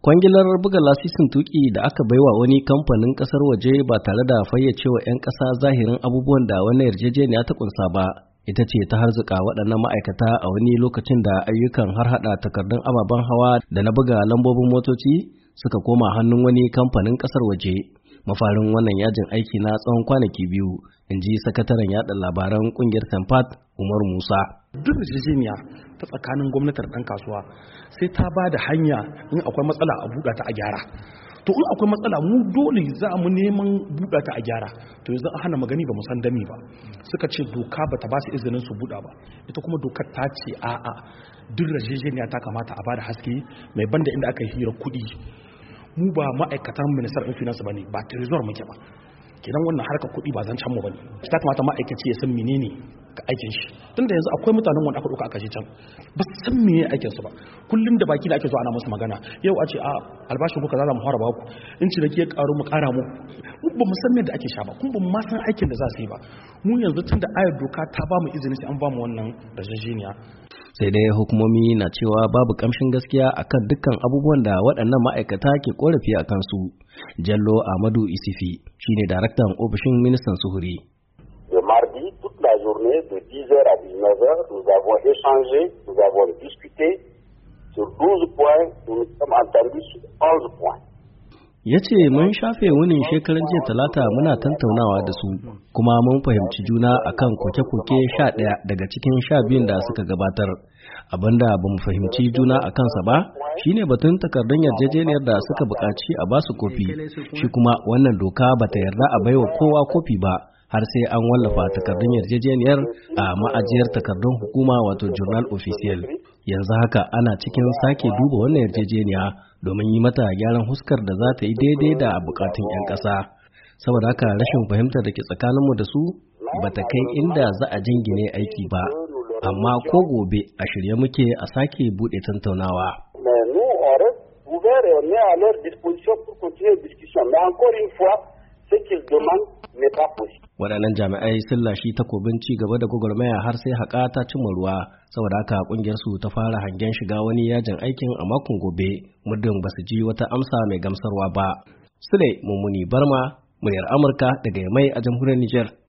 Kwangilar buga lasisin tuki da aka baiwa wani kamfanin kasar waje ba tare da fayyacewa 'yan ƙasa zahirin abubuwan da wannan yarjejeniya ta kunsa ba, ita ce ta harzuka waɗannan ma'aikata a wani lokacin da ayyukan har hada takardun ababen hawa da na buga lambobin motoci suka koma hannun wani kamfanin ƙasar waje. mafarin wannan yajin aiki na tsawon kwanaki biyu in ji sakataren yada labaran kungiyar tempat umar musa duk rijimiya ta tsakanin gwamnatar dan kasuwa sai ta ba da hanya in akwai matsala a buɗa ta a gyara to in akwai matsala mu dole za mu neman buɗa ta a gyara to yanzu a hana magani ba san dami ba suka ce doka ba ta ba su izinin su buɗa ba ita kuma dokar ta ce a'a duk rajejeniya ta kamata a ba da haske mai banda inda aka hira kuɗi mu ba ma'aikatan minister of finance bane ba trezor muke ba kenan wannan harkar kuɗi ba zan can mu bane ta kamata ma'aikaci ya san menene ka aikin shi tunda yanzu akwai mutanen wanda aka ɗuka aka je can ba san meye aikin su ba kullum da baki da ake zo ana musu magana yau a ce a albashin kuka za mu fara ku in ci da ke karu mu kara mu ba mu san me da ake sha ba kuma ba mu san aikin da za su yi ba mu yanzu tunda ayar doka ta ba mu izini sai an ba mu wannan rajajeniya sai dai hukumomi na cewa babu kamshin gaskiya akan dukkan abubuwan da waɗannan ma'aikata ke korafi a kansu jallo amadu isifi shine daraktan ofishin ministan suhuri sur 12 points nous nous sommes entendus sur 11 points ya ce mun shafe wunin shekaran jiya talata muna tantaunawa da su kuma mun fahimci juna akan koke-koke sha ɗaya daga cikin sha biyun da suka gabatar abinda ba mu fahimci juna a kansa ba shine batun takardun yarjejeniyar da suka buƙaci a basu kofi shi kuma wannan doka ba ta yarda a baiwa kowa kofi ba har sai an wallafa takardun yarjejeniyar a ma'ajiyar takardun hukuma wato journal official yanzu haka ana cikin sake duba wannan yarjejeniya domin yi mata gyaran huskar da za ta yi daidai da bukatun 'yan ƙasa saboda haka rashin fahimtar da ke tsakaninmu da su ba ta kai inda za a jingine aiki ba amma ko gobe a shirye muke a sake buɗe tattaunawa. Mais encore une fois, ce qu'ils demandent n'est pas possible. waɗannan jami'ai sun lashi takobin ci gaba da gwagwarmaya har sai haƙa ta cimma ruwa saboda haka ƙungiyar su ta fara hangen shiga wani yajin aikin a makon gobe muddin ba su ji wata amsa mai gamsarwa ba sule mummuni barma muryar amurka daga mai a jamhuriyar niger